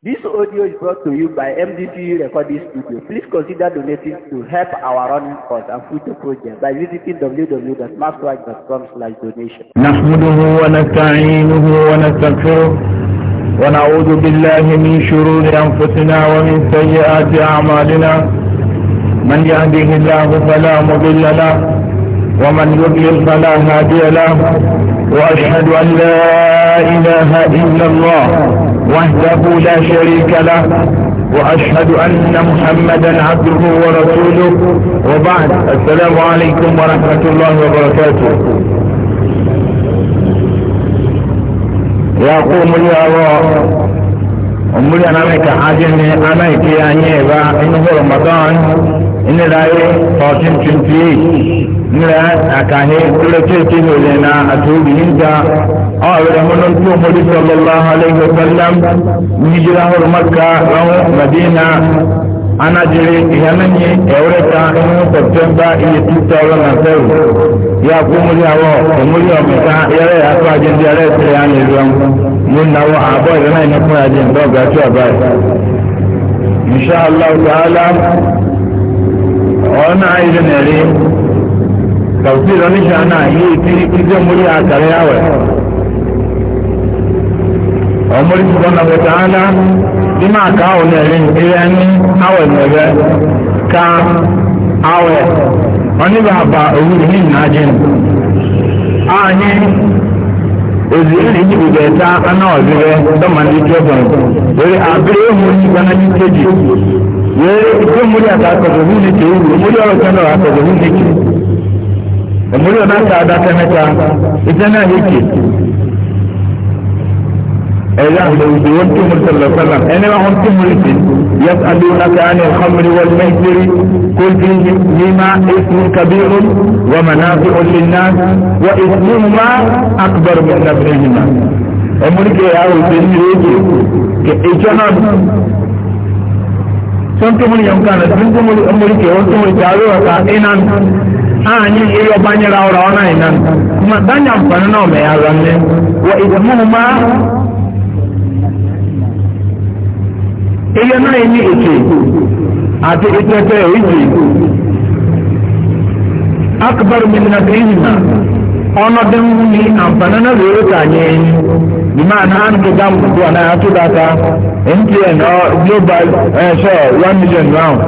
This audio is brought to you by MDPU Recording Studio. Please consider donating to help our running costs and future projects by visiting www.maskwatch.com slash donation. نحمده ونستعينه ونستغفره ونعوذ بالله من شرور أنفسنا ومن سيئات أعمالنا من يهده الله فلا مضل له ومن يضلل فلا هادي له وأشهد أن لا إله إلا الله وحده لا شريك له واشهد ان محمدا عبده ورسوله وبعد السلام عليكم ورحمة الله وبركاته يقوم الله omuli anameka ajene anaike anyeba inuhu ramadan iniraye 1428 nira akahe tulekeke nyole na atubi hinta awere munon tu omuli sallallahu alaihi wasallam nijirahu makka rahu madina anajiri ìyànnìyí ẹ̀wúrẹ́ta inú sẹ̀tẹ́mbà iye two thousand and seven yà kú múlí àwọ̀ òmúlí ọ̀mẹ̀ta yẹ́rẹ́ àtọ́ àjẹndí ẹ̀rẹ́ ìṣẹ̀lẹ̀ yà ní ìlú mú náwó àbọ̀ ìlú náà ìnáfún àjẹ ìdọ́gba tí ọ̀bá yìí. insha allah ta'ala ọ̀nà ayélujára nẹ̀rí kàwùsí ìrọ̀lẹ́sà náà yìí ti kíkẹ́ múlí àkàrẹ́ ima ka awọ n'eri ihe ni awọ n'ebe ka awọ onye bụ aba owu ihe na ajị anyị ozi eri ji bụ beta ana ọzịre dọma ndị jọbọn were abịrị ehu n'igwe na nkeji were ikpe mmiri aka akọdọ ohu n'ike uru mmiri ọrụ kanọ akọdọ ohu n'ike mmiri ọrụ aka ada temeta ite na-ahịa ike ẹ̀yà àgbẹ̀wò wọ́n tí mo sọ̀rọ̀ sọ́nà ẹni wọn tí mo rìn sí yas'alunaka ani al-khamri wal maisiri qul fihima ismun kabirun wa manafi'u lin-nas wa ismuhuma akbar min naf'ihima ẹmúríkẹ àwọn òṣèlú ìrèké kẹ ìjọ náà sọ́ntúmùrì yẹn kan sọ́ntúmùrì ọmọríkẹ wọ́n tún ìjà àwẹ̀ ọ̀ka iná ààyè eré ọba nyẹra ọ̀rọ̀ ọ̀nà iná dányà nfààní náà mẹ́yà rẹ̀ ní wọ ìdààmú máa eyo náà ní ètè na ìtẹ́tẹ́ èyí akbar mímínà kéyìnà ọ̀nọ́dún ní àǹfààní náà lórí kànyé ìmọ̀ àná àǹdùgá mbùdó àná aka mtn global ẹ̀ṣọ́ e, one million round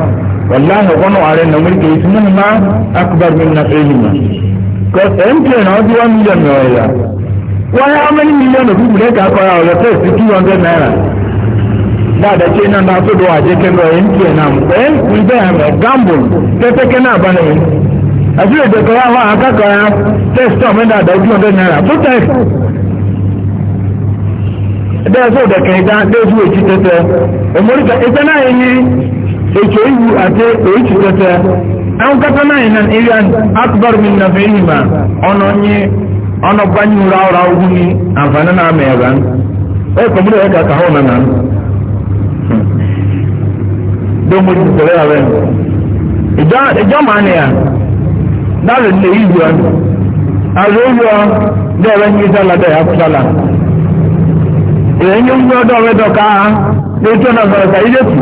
wàláhì ọ̀nà ààrẹ nà mú kéyìí sínú mímá akbar mímínà kéyìnà cause mtn ọdún one million náà yà wọ́n yá how many million of people dey kakọ́ ya ọ̀rọ̀ tẹ̀sí naira. da ce e e e na da su duwa je kan royin ke nan eh mun da ha gamble ta ta kana bane a ji da kawa wa aka test mun da da kuma da na to test da so da kai da da su ci ta ta ka ita na yi sai ke yi a te ko ci ta ta an ka ta na nan akbar min nafihima ono banyu rawo rawo ni amfana na eh kuma da ka ka nan don mo ti sọrọ yàrá yẹn ìjọ ìjọ màá nìyà dáàbò lè yí yọ àlọ́ yọ dọ́ọ̀rẹ́ ń yí sálà dọ́ọ̀ yà kú sálà èyí ń yọ dọ́ọ̀rẹ́ dọ́ọ̀ká lè tó nà sọ̀rọ̀ kàyí dé kù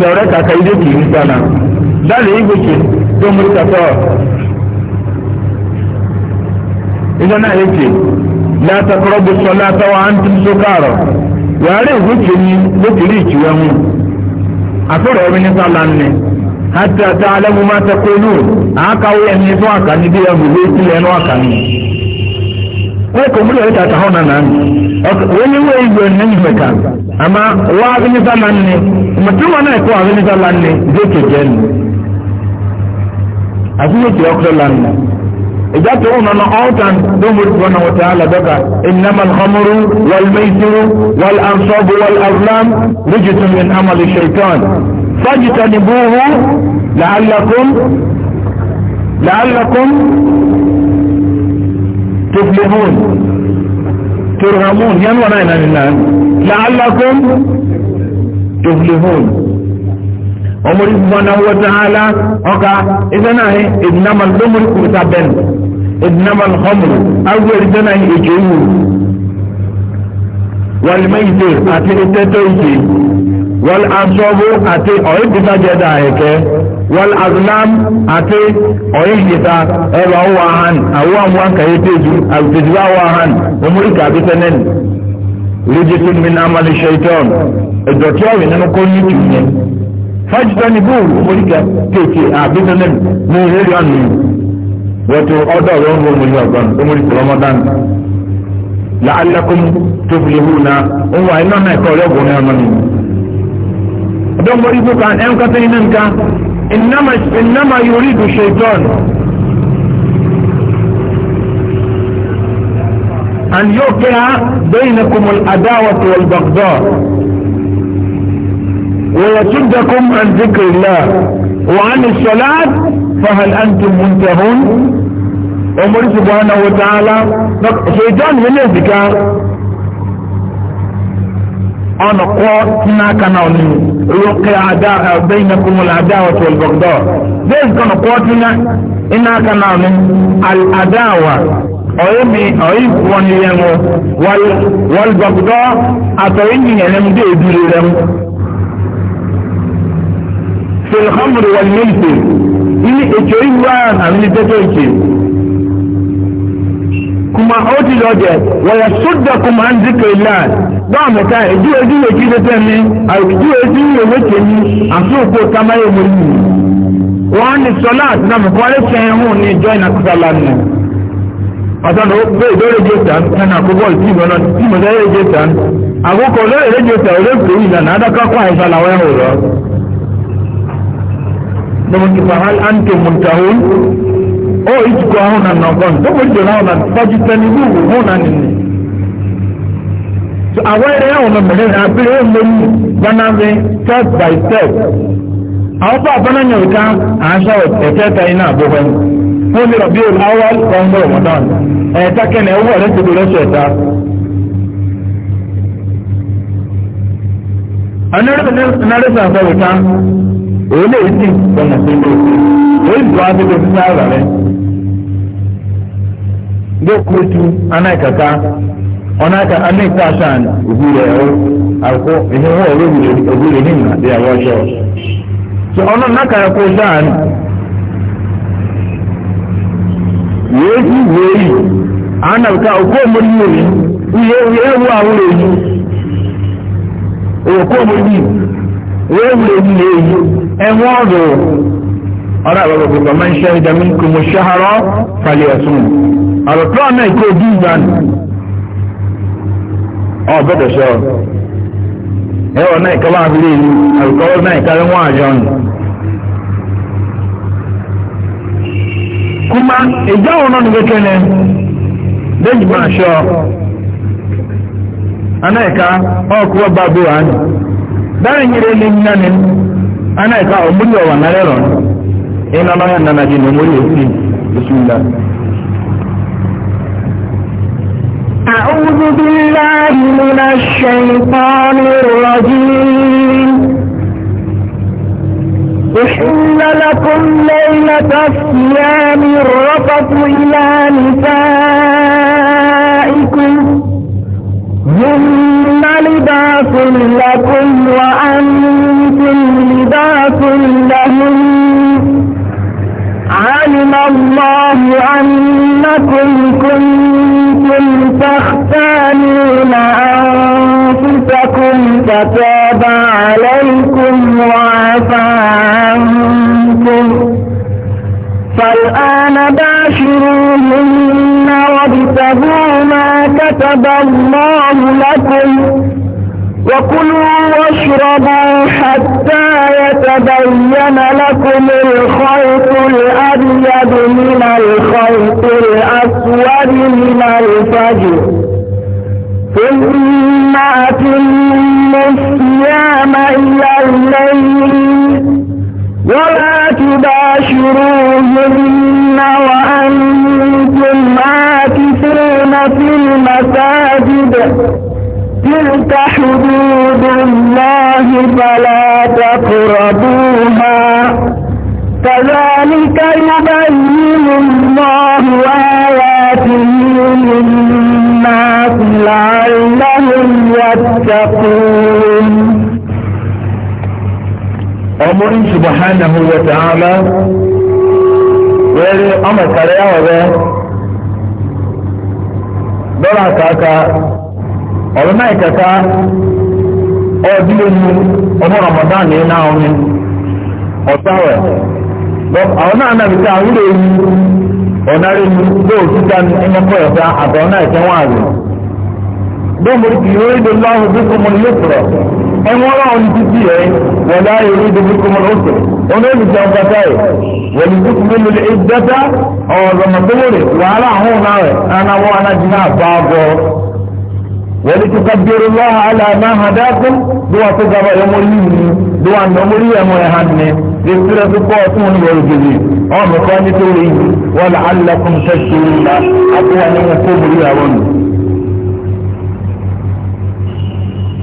dọ́ọ̀rẹ́ kà kàyí dé kù yí sálà dáàbò yí gbèsè tó mo ti sọ ìjọ náà yẹ kì látàkọ́rọ́ bó sọ látàwọn àǹtí sókàrọ̀ yàrá ìwé kìíní ló kìí ìtìwẹ́ mu àtọ́rọ̀ ẹ̀mí nípa lánàá hàtà tá a lẹ́mu máa tẹ́kọ̀ọ́ inú àákàwé ẹni fún àkànní bí ẹ̀mú lé sílẹ̀ ẹnu àkànní. wọ́n kò múlẹ̀ ẹ̀ta àtàwọn nànà wọ́n ní wọ́n ìgbẹ́ ní ẹ̀yìn mẹ́ta àmà wọ́n á bí nípa lánàá mọ̀tí wọn náà kọ́ àbí nípa lánàá dé kẹ̀kẹ́ nù àbí yóò tẹ̀ ọ́kọ́ lánàá. إذا تقوم أنا اوتا نمر سبحانه وتعالى بقى إنما الخمر والميسر والأنصاب والأظلام رجت من عمل الشيطان فاجتنبوه لعلكم لعلكم تفلحون ترغمون ينورين من الله لعلكم تفلحون ọmọdé gbọ́nà wọ́n ti hàn án ọkà ẹ̀sẹ̀ náà ẹ̀ ẹ̀dínàmà lọ́mọdé kùrùtà bẹ́ẹ̀ ẹ̀dínàmà lọ́mọdé arúgbó ẹ̀dínàmà ẹ̀jẹ̀ ìwò wàlímọ̀ ìdè àti ìtẹ́tẹ́ ìdè wọ́n asọ́bù àti ọ̀yìn títà jẹ́dà ẹ̀kẹ́ wọ́n azlam àti ọ̀yìn títà ẹ̀rọ àwọn ahàn àwọn àwọn akẹ́yẹ tẹ̀jú àtẹ̀jú àwọn ahàn ọmọlùkà fajidani bóòlù mọ̀lìkà kéèké àbísọ́lẹ̀mù ní ìrírí ọ̀nà yìí wọ́tò ọ̀dọ́ ọ̀rọ̀ ọ̀rọ̀ mọ̀lì ọ̀gbọ́n ọmọdé ramadan làálàkùn tó fi léwu na òun wà iná náà ẹ̀kọ́ ọ̀rẹ́ ọ̀gbọ̀n náà mọ̀lì. ọ̀dọ́ mọ̀lì kúkà ẹ̀ ń kọ́tẹ́ iná nǹkan ìnáma yorí ìdù ṣèjọ́n and yóò kí ha bẹ́ẹ̀ ni kùmùl adáwọ̀ tó wọ́l ويصدكم عن ذكر الله وعن الصلاة فهل أنتم منتهون أمر سبحانه وتعالى شيطان من الذكر أنا قوة هناك نوني يوقع عداء بينكم العداوة والبغضاء ليس كان قوتنا هناك نوني العداوة ọ̀yẹ́mi ọ̀yí wọn والبغضاء yẹn wọn wọlbọ̀gbọ́ àtọ̀yẹ́ nìyẹn filhamri wal milki ní ètò ìwà àwọn ìtẹ́tẹ́ ìkè kuma oti lọ́jẹ̀ wọ̀yà sódà kuma ń zikè láà báwọn mẹ́ta ìdí ojú yẹ kí tẹ́tẹ́ mi àìdí ojú yẹ wékè mi àti òkú kamáyé mo ní. wọ́n ní sọlá na náà mọ̀kọ́ ẹ̀ sẹ́yìn hùn ní na ìnà kúta lánàá. na ló gbé ìdóre jẹ́ta ẹ̀nà àkókò ìtìmọ̀ náà tìmọ̀ lẹ́yẹ jẹ́ta àkókò lórí ìdóre jẹ́ta olóòkè ìlànà adákọ́kọ́ àìsàn làwọn ẹ̀hùn rọ̀. نمت فهل أنتم منتهون أو إجكوا هنا na دمر جناونا فاجتنبوه هنا نني So àwọn ẹ̀rẹ́ àwọn ọmọ mẹ́rin àbílẹ̀ ó lórí gbanáwé step by step. Àwọn bá abánányà òkà àṣà ẹ̀tẹ́ta iná àbúrò ẹni. Wọ́n lè rọ̀bí òun àwọn ọmọ Ramadan. Ẹ̀ẹ̀ta kẹ́ni ẹ̀wọ́ rẹ̀ ti do lọ́sọ̀ ẹ̀ta. Anárẹ́sà sọ̀rọ̀ ká òun lè ní ìgbọ̀nà tó lè lè tó abẹ́lẹ̀ fún sáárà rẹ̀ ló kú tu anáìkàkà ọ̀nàkà anáìkà sàn òbí rẹ̀ ọ́ àkó ìhìnwó òbí rẹ̀ nínú so wéwúre nílé yìí ẹ̀wọ́n rò ọ̀rọ̀ àwọn gbogbo máa ń ṣe ìdàmí kò mọ̀ ṣáhárọ̀ falẹ̀ ẹ̀sùn ọ̀rọ̀ tó náà kó bí ìgbàanì ọ̀ ṣọ́ ẹ̀wọ̀n náà ìkọ́ máa fi lè yí náà ìkárí wọn àjọ ni. kuma ìjáwọn náà nìgbẹ́ kẹ́lẹ́ lẹ́yìn máa ṣọ́ anáìka ọ̀kúwọ́ bá bó wà dari nyere ne nyina ne ana ka omuri wa na rero ina ma na na jin omuri esi من الشيطان الرجيم أحل لكم ليلة الصيام الرفض إلى نسائكم هم لباس لكم وأنتم لباس لهم علم الله أنكم كنتم تختانون أنفسكم فتاب عليكم وعفى عنكم فالآن باشروهم وابتغوا ما كتب الله لكم وكلوا واشربوا حتى يتبين لكم الخيط الأبيض من الخيط الأسود من الفجر ثم أتموا الصيام إلى الليل ولا تباشروهن وأنتم عاكفون في المساجد تلك حدود الله فلا تقربوها كذلك يبين الله آياته للناس لعلهم يتقون ọmọrí subahánahù wọ̀tá àmà wẹ́rẹ́ ọmọ kàrẹ́ ọ̀rẹ́ dọ́là kàkà ọ̀rọ̀ náà kàkà ọ̀dúnlẹ̀ mu ọmọ ramadan yẹn náà ọ̀mí ọ̀sáwẹ̀ àwọn náà nàbí ewu, mu ní àtọ̀ náà ẹ̀kẹ́ kìí ó bí kò mọ̀ ní ẹ̀wọ̀n ọlọ́run títí ẹ̀ wọ́n láàyè orí ibi kọ́mọ lọ́sọ̀ ọ̀nà olùjọ ọ̀gbàtà ẹ̀ wọ́n ní kúkú mímu lè dẹ́ta ọ̀rọ̀ mọ̀tòwòrè wàhálà àwọn ọ̀nà rẹ̀ anáwọ̀ anájìnà àbáàbọ̀ wọ́n ní kíkà bẹ̀rù lọ́hà aláàmà àdáàkùn bí wọ́n tó gaba ẹ̀mọ yìí ni bí wọ́n àná mórí ẹ̀mọ ẹ̀ hàn ní bí tó pọ̀ tó ń wọ̀rọ̀ gèlè ọ̀nà kan nítorí wọ́n làálàkùn tẹ̀síwìlà àti ní wọn kó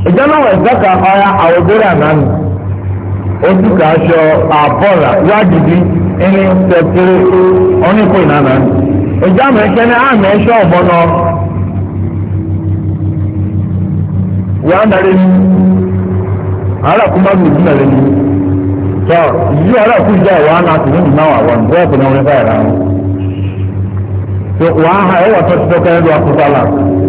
ìjọba wọn ìtọ́ka ọ̀ya àwòdúrà nánu oṣù kà aṣọ àbọ̀rà wájìbí ẹni tẹ̀tẹ̀rẹ̀ ọ̀nìkò ìnana ìjọba ẹ̀ṣẹ́ ní àmì ẹ̀ṣọ́ ọ̀bọ̀nà wàá nàlẹ́ ní alákùnmáàbù ìdí nàlẹ́ ní tọ́ ìdí alákùnmáàbù ìjà wàá nà na nìmá wà wọn bẹ́ẹ̀ kò wọn fẹ́ rà wọn ha tó ti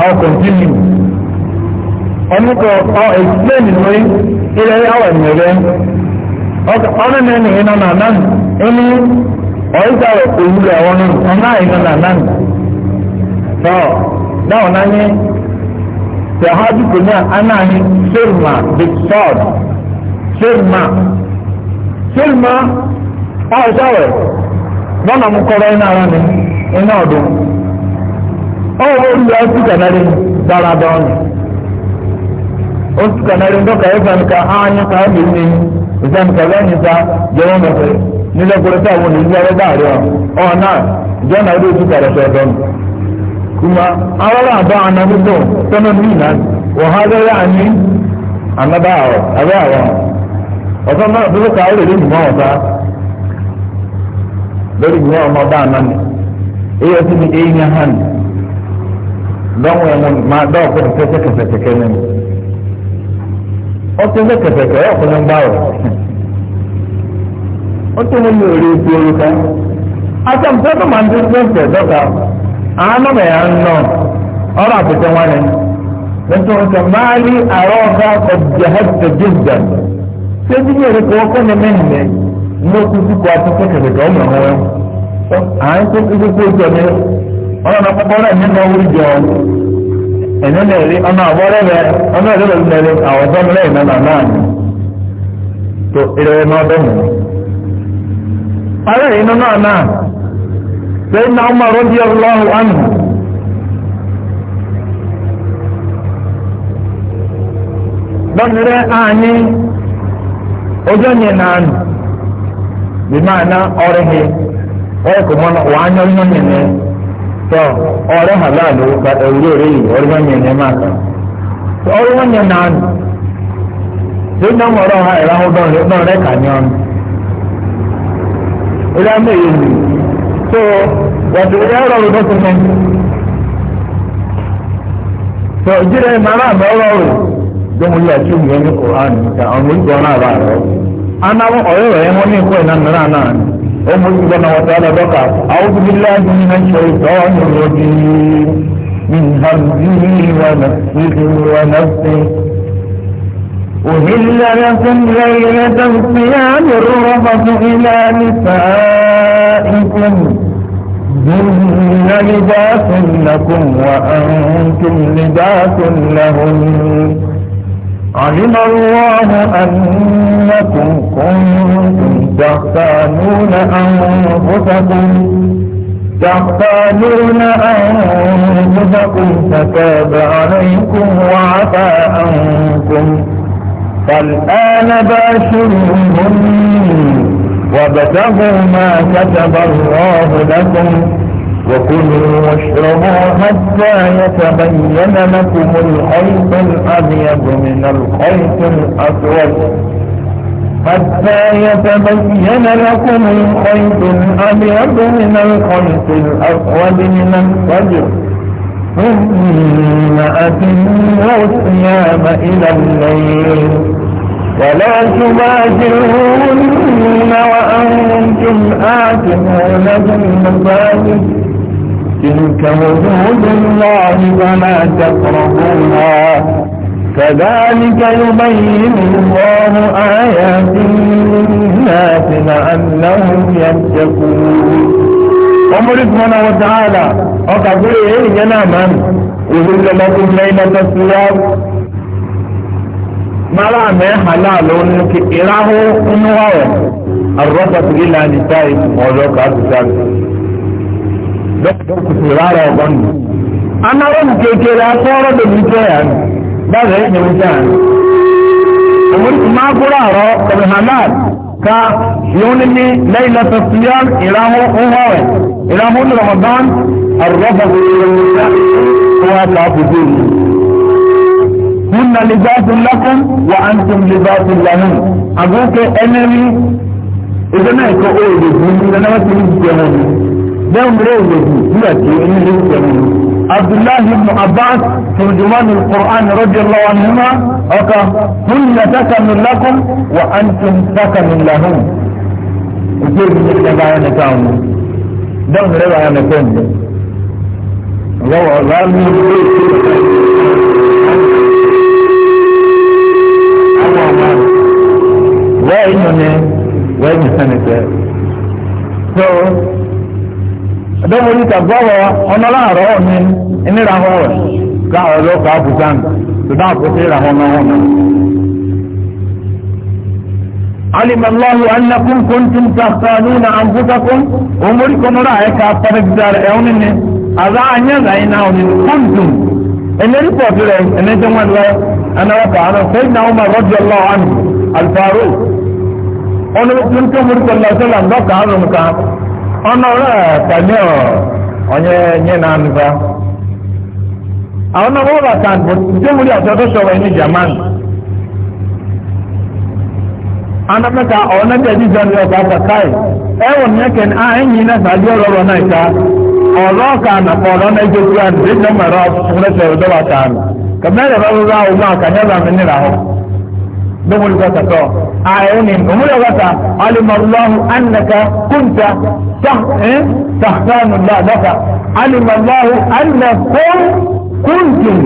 I'll continue ọmọkọ ọ explain ní ilẹ̀ awọ ìmẹ̀rẹ̀ ọ̀nà mẹ́rin iná nà nánì ẹni ọ̀yíká rẹ̀ kò wúlẹ̀ àwọn ọ̀nà iná nà nánì tọ́ dáwọn náà ní sèhájú kò ní àná ní sèlmà the third sèlmà sèlmà ọ̀ṣáwẹ̀ bọ́nà mú kọ́rọ́ iná ara ní iná ọ̀dùn. ọwọ́ orí ya oṣù kanari dára dọ́ọ̀nì oṣù kanari ndọ́ka anya ka ha ká ẹ̀mí ní ìfẹ́ nìka lẹ́yìn sá jẹ́wọ́n mẹ́fẹ́ ọ na náà jọ́nà orí oṣù kuma awara abọ́ anagbogbo tọ́nà nínà wọ́n ha anyị anaba awọ abẹ́ awọ ọ̀sán náà dúró ká ó ọmọ ọba dɔn wɛn mu ma dɔw ko tɛsɛ kɛsɛkɛsɛ ne mu ɔtɛ sɛ kɛsɛkɛ ɔyɛ kɔnɔ ba o ɔtɛ mu yi ori ti ori ka asam tɛ tɛ man tɛ tɛ tɛ dɔka ana mɛ yan nɔ ɔrɔ apɛtɛ wani lɛtɔn sɛ maali arɔba ɔjɛhɛ tɛ jɛjɛ sɛbi yɛrɛ kɔ kɔnɔ mɛ nɛ kɔ a tɛ sɛ kɛsɛkɛ ɔmɛ hɔn a yɛ sɛ kɛsɛkɛ ɔjɛ Ọ na kọ́kọ́rọ́ ẹ̀mí náà na jọ ẹ̀mí náà rí ọ̀nà àbọ̀rẹ́ ọ na ìrẹ́lẹ̀ ló ọ na mi na náà náà ni na ìrẹ́lẹ̀ na bẹ́ẹ̀ mọ̀. alẹ́ na náà náà Ọ náà ọmọ rọ́bì ọlọ́run ánù. lọ́nìrẹ́ àánì ojú ọ̀nyẹ̀ náà na bí máa ná na he wọ́n kò mọ́ wàá nyọ́ nyọ́ na náà. tọ ọrẹ halal ka ẹwúrẹ rẹ yìí ọrẹ wọn yẹn yẹn máa kàn ọrẹ wọn yẹn náà nù tó ń dáhùn ọrọ ha ìrànwọ dọrin náà rẹ kà ní ọnù ìlú àmì èyí nù tó wàtí ìlú ẹrọ rẹ bọ́sùn mi tó ìjírẹ màrà àmì ọrọ rẹ dóhùn yìí àti òmìnira ní kòránì níta ọmọ ìgbọràn àbá rẹ anáwó ọrẹ rẹ wọn ní ìkó ìnáná náà náà nù. أم سبحانه وتعالى بقى أعوذ بالله من الشيطان الرجيم من همزه ونفسه ونفسه أهل لكم ليلة الصيام الرفض إلى نسائكم هن لباس لكم وأنتم لباس لهم علم الله أنكم كنتم تختانون أنفسكم تختانون أنفسكم فتاب عليكم وعفى عنكم فالآن باشرهن وابتغوا ما كتب الله لكم وكلوا واشربوا حتى يتبين لكم الخيط الابيض من الخيط الاسود حتى يتبين لكم الخيط الابيض من الخيط الاسود من الفجر ثم اتموا الصيام الى الليل ولا تباشرون وانتم اتمون بالمساجد تلك حدود الله فما تقربوها كذلك يبين الله آياته للناس لعلهم يتقون عمر سبحانه وتعالى أقول إيه من أذل لكم ليلة الصيام mara mai halalo nuke iraho inuwa wa arrafa su ila nisa'i ọzọ ka su don ku saurara wa gwamna an na wani keke da sauran da zuciya ba da yake wuta amurki ma kuraro da halal ka yoni ni laila tasiyar irahu uhawe irahu ramadan arrafa ila nisa wa ta fujur hunna libasun لهم ريوه يأتي إليه عبد الله بن عباس ترجمان القرآن رضي الله عنهما أقام كل سكن لكم وأنتم سكن لهم وكيف يجب أن يتعلموا دون ريوه أن يكون روى غامي وإنني وإنني سنة ka gbọ́wọ́ ọlọ́láàrọ̀ mi nírahọ́ rẹ̀ káwọn ọlọ́kọ̀ àbùsàn tó dáàbò sí ìrahọ́ náà wọn. علم الله أنكم كنتم تختانون أنفسكم أمركم رأيك أفرق دار أونين أذا أن يزعين أونين كنتم إن ريبوت لي إن جمال لي أنا وقعنا سيدنا عمر رضي الله عنه الفاروق أنا كنت أمرك الله صلى الله عليه وسلم أنا لا تنيو onye nye e na anụba àwọn ọmọ ọba kan bó ṣe múlí ọ̀sẹ̀ tó sọ̀rọ̀ ní german anamẹ́ka ọ̀hún náà tẹ̀sí ìjọba ọba àtàkáì ẹ̀wọ̀n ní a ní na náà sàdí ọ̀rọ̀ ọ̀rọ̀ náà ìta ọ̀rọ̀ kan nàpọ̀ ọ̀rọ̀ náà ìjọ kúrò àti ìjọ mẹ́rọ fúnrẹ́sẹ̀ ọ̀dọ́wà kan kẹmẹ́rẹ̀ تحتان الله لك علم الله أنكم كنتم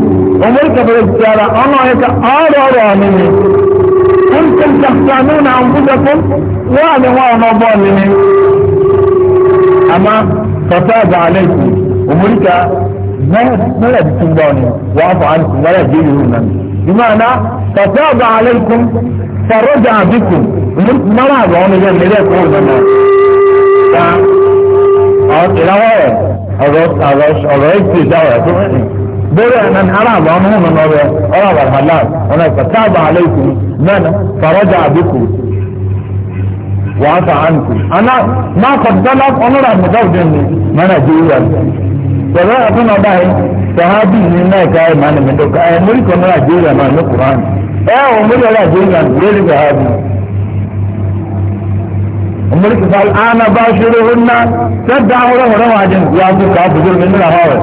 وملك بالجارة الله يك آرى مني كنتم تختانون أنفسكم وعلى وعلى ظالمين أما فتاب عليكم وملك ما لا بتنباني وعفو عنكم ولا جيلهم بمعنى فتاب عليكم فرجع بكم مرض عن الجنة لا يقول ta ìràwọ̀ rẹ̀ ọ̀rọ̀ èsì ìdáwọ̀ rẹ̀ tó mẹ́rin. bẹ́ẹ̀rẹ̀ ẹ̀nà aráàbà ọmọ ọmọ náà rẹ̀ ọ̀rọ̀ àbàmàlà ọ̀nà ìfọ̀tàbà aláìkùn mẹ́rin fàrọ́jà àbíkù wàá fà ánkù. àná máa kọ̀dọ́lá ọlọ́rọ̀ àmọ̀dáwùdẹ́ mi mẹ́rin àjẹwìyà pẹ̀lú àtúnà báyìí sọ̀hábì ní náà ká ẹ̀ máa nìmẹ́dọ́ká ẹ̀ mórí kan náà àjẹwìyà náà ní kùránì ẹ̀ ò mórí ọlọ́ àjẹwìyà lórí mulki fa al'ana bashiruhunna sadda hore hore wajen ya su ka su zulmi nuna hawa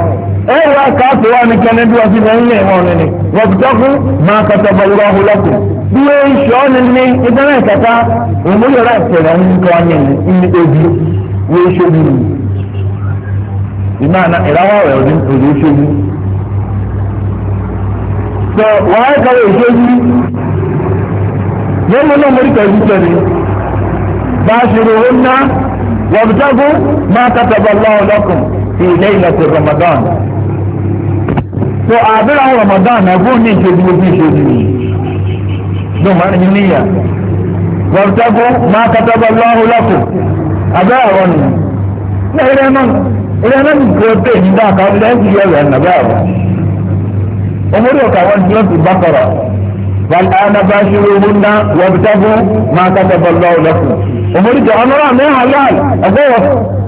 eh wa ka su wa ni kan duwa su ban ne wa ne wa taku ma kataba Allahu lakum biye shonin ne idan ka ta umuri ra ce da mun ko anyen in ni obi we shobi imana irawa wa odin to we shobi so wa ka we shobi yamma na mulki ka yi باشروهن وابتغوا ما كتب الله لكم في ليلة رمضان so àbẹ̀rẹ̀ àwọn ramadan ẹ̀gbọ́n ní ìṣojú ojú ìṣojú yìí ló máa ń níyà wọ́pẹ́gbọ́ máa kátàbọ̀ lọ́hùn lọ́kù àbẹ̀rẹ̀ àwọn nù. ní ẹ̀rẹ́ náà ẹ̀rẹ́ náà ní kúrò pé nígbà kan lẹ́yìn ìyẹ̀wẹ̀ ẹ̀ nàbẹ́ àwọn. ọmọdé ọ̀kà wọn ti lọ́ọ̀tì bákọ̀rọ̀ والآن باشروهن وابتغوا ما كتب الله لكم omori jẹ ọlọ́rọ̀ ní halal ọgbọ́wọ̀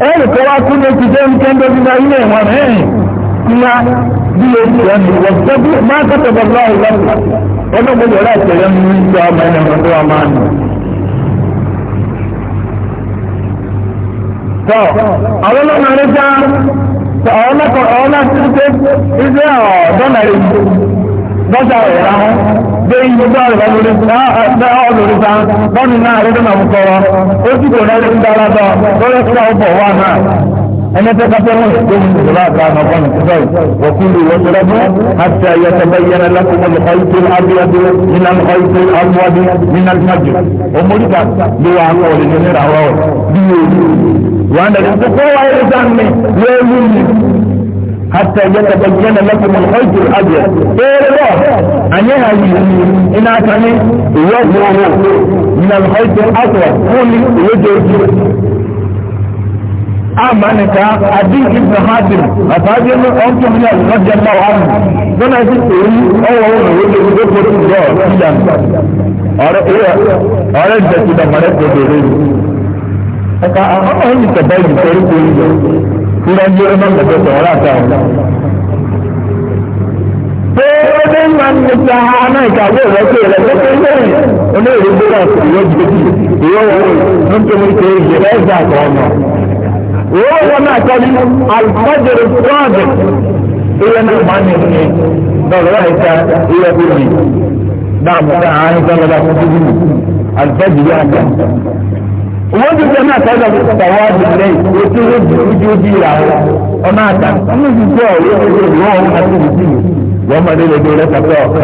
ẹ̀rì kọ́ wá tún lè ti jẹ́ ìkẹ́ndọ̀ nínú ilé wọn ẹ̀yìn ńlá bí o ti ẹ̀mí wọ̀gbẹ́bí máa kẹ́tọ̀bọ̀ lọ́wọ́ ìlọ́pù ọdún gbogbo rẹ̀ tẹ̀lé mú ìjọ ọmọ ẹni ọmọ tó wà máa nù. tọ́ àwọn ọlọ́run rẹ̀ já ọ̀ọ́lá ti ṣe ṣe ọ̀dọ́nà rẹ̀ lọ́jà ẹ̀rọ déyìn gbogbo àrùbá lórí náà lórí sa bọ́ọ̀nù náà lórí náà kọ́rọ́ ó sì kò náà lórí dára dọ́ lórí sí àwọn bọ̀ wá náà ẹni tẹ́ ká fẹ́ràn ìdóhùn ìjọba àti àwọn ọmọ ní sísọ yìí wọ́kúlù wọ́sọ̀rọ̀bù àti ayẹtẹ̀bẹ̀ yẹn lẹ́kùnmọ́ ní ọ̀yẹ́tẹ̀ abúlé nínú ọ̀yẹ́tẹ̀ abúlé nínú àjò ọmọdéka ló wà ń wọlé nínú ìràwọ̀ bí yóò wọ́n dẹ̀ kókó wáyé sàmì lóyún حتى يتبين لكم الخيط الابيض ايه الله انا هاي انا اتعني يظهر من الخيط الاسود كل وجهه اما انك اديك ابن حاتم افاجئ من انت من رضي الله عنه بنا يقول او هو وجهه يظهر الله الى ọ̀rẹ́ ìyẹ́ ọ̀rẹ́ ìjẹ́ ti dàgbàrẹ́ tó dèrè yìí ẹ̀ka àwọn ọ̀hún ìtẹ̀bẹ́ ìjẹ́ orí kò ń yọ ìrẹ́ ní ọdún mẹ́tọ́ sọ̀rọ̀ láta ọ̀la. pé ó dé ń máa ń mú ta aná ìkàwé rẹ̀ pé rẹ̀ tó pé lẹ́yìn olóòrè gbé náà sí ìwé jìbìtì ìwé òwò ló ń tó mú ìpè ìjẹ̀rẹ̀ ẹ̀dá àtọ̀ ọ̀nà. ìwé òwò náà tọ́jú alùpàdére fúlọ́ọ̀dì ìwé náà máa ń ní dọ̀lọ́wọ́ ìta ìwé bíbí dáàmú ká àárín sọ́lọ́dà wọ́n ti sọ náà sọ́dọ̀ tọ̀wọ́ ìdílé ètò ojú ojú ìlà ọmọ àtà ọmọ ìdí tí ọ̀rẹ́ ọ̀rẹ́ ìwọ̀n ọ̀hún àti ìdílé wọ́n máa lélẹ̀ dé lẹ́sà pé ọ̀kà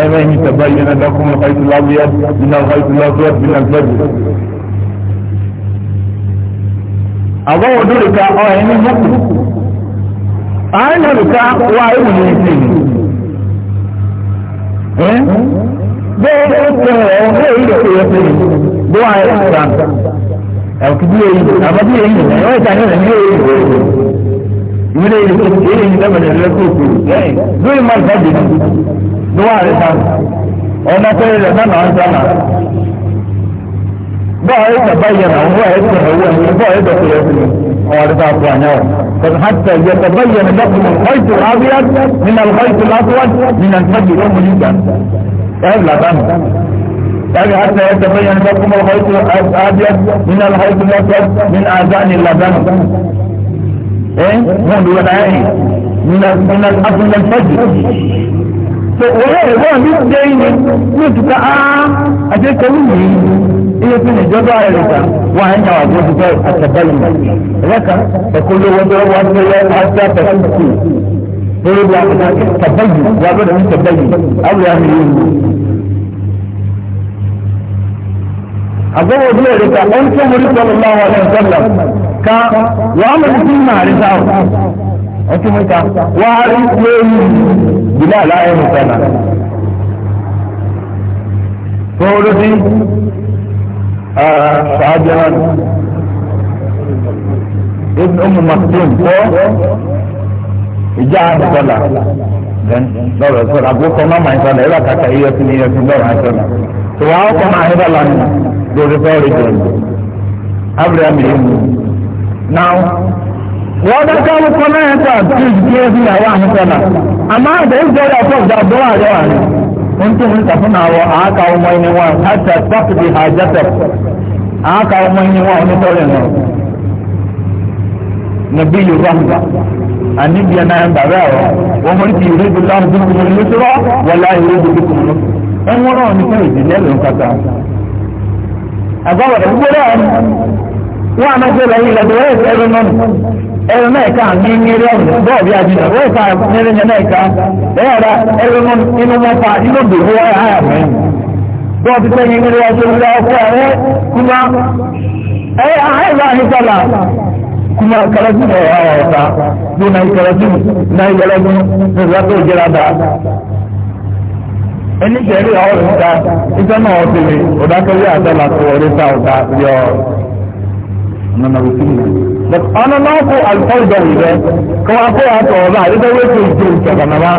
ẹ̀rẹ́ yìí tẹ̀gbá yìí náà lọ́kùnrin ọ̀hún ìtúlá wíyá iná ọ̀hún ìtúlá wíyá iná gbẹ́bí. àwọn odòrìkà ọ̀hún ní bùkù ní ìsìn bẹ́ẹ̀ bó wà ẹ̀ ṣùgbọ́n ẹ̀kú bí èyí àmọ́ bí èyí ẹ̀rọ ìta ní ẹ̀rọ ìwé èyí ìwé èyí tó ti èyí ní tẹ́lẹ̀ rẹ̀ kó kú lórí máa ìfẹ́ dì ní bó wà ẹ̀ ṣá ọ̀nà tẹ́lẹ̀ rẹ̀ náà ń sánà bọ́ọ̀ ẹ̀ ṣàbá yẹn náà bọ́ọ̀ ẹ̀ ṣàbá yẹn bọ́ọ̀ ẹ̀ dọ̀kọ̀ yẹn fún mi ọ̀rọ̀ tó àpò àyẹ̀wò. حتى يتبين لكم الخيط الابيض من الخيط الاسود من الفجر يوم الجمعه. قال يعني حتى يتبين لكم الخيط الابيض من الخيط الاسود من اذان اللبن ايه من والعين من من الاصل الفجر وغير هو من دين مدعاء اتي كوني هي من الجزائر وهي وجود التبين لك فكل وضع وضع حتى تشكي هو التبين وابدا من التبين او يعني agogo bi yɛrɛ ta ɛn tó mori sɔlɔ lɔwɔ ɛn sɔlɔ ka wàá mɛ ti ma ari sa o ɛn tó mori ka wàá ri wéyí bila ala yɛ musa na fowóró ti aa sàájɛ wa ibn umu maktum kɔ ìjà àtọ̀là lọ́rọ̀ sọ̀rọ̀ àgbo kọ́ máa ma ìsọ̀là kàkà iye ni iye sí lọ́rọ̀ àtọ̀là tòwá ọkọ̀ máa ń bá lánàá there is origin. Abraham is Now, wọ́n dáká ló kọ́ náà ẹ̀ka tí ìdílé ẹ̀sìn ìyàwó àmì sọ́nà àmọ́ àgbẹ̀ ń gbọ́dọ̀ ọ̀pọ̀ ìdàgbọ́ àjọ àná ń tún ń sàfún àwọ̀ àáka ọmọ ẹni wọn àti àtàkùdì àjẹtẹ̀ àáka ọmọ ẹni wọn onítọ́rẹ̀ náà nàbí yorùbá mbà àníbi ẹ̀ náà ń bàbá ẹ̀ wọ́n mọ̀ níbi ìwé ìdílé àwọn ìdílé kùnú lóṣùrọ̀ wọlé ìwé ìdílé kùnú ẹ̀wọ̀n náà agbọ́dọ̀ gbogbo rẹ̀ wọ́n á mẹ́tẹ́ lẹ́yìn lẹ́dọ̀ wọ́n èsì ẹ̀rọ náà ẹ̀rọ náà ẹ̀ka ní nyere ọ̀hún bọ́ọ̀bì àjìnà wọ́n èsì nyere nyẹ náà ẹ̀ka ẹ̀yàrá ẹ̀rọ náà inú wọn fa inú bèbè wọ́n yà áyà mẹ́rin bọ́ọ̀ ti sẹ́yìn nyere ọ̀ṣọ́ ìlà ọ̀fọ́ ẹ̀rẹ́ kuma ẹ̀ àhẹ́rẹ́ àhìsọ́là kuma karatu ẹ̀ ọ̀ta bí náà karatu náà yẹlẹ́nu nígbà tó jẹ́ra dáa ẹni jẹri ọrùn ta iṣẹ náà ọtí mi ọdákẹwé àtàlà tó ọrẹ ta ọta yọ nana òkú mi. but ọ̀nà náà kó alùpàá ìdọ̀wì rẹ kó wá kó àtọ̀ ọba àdédéwé tó ìjọ ìjọba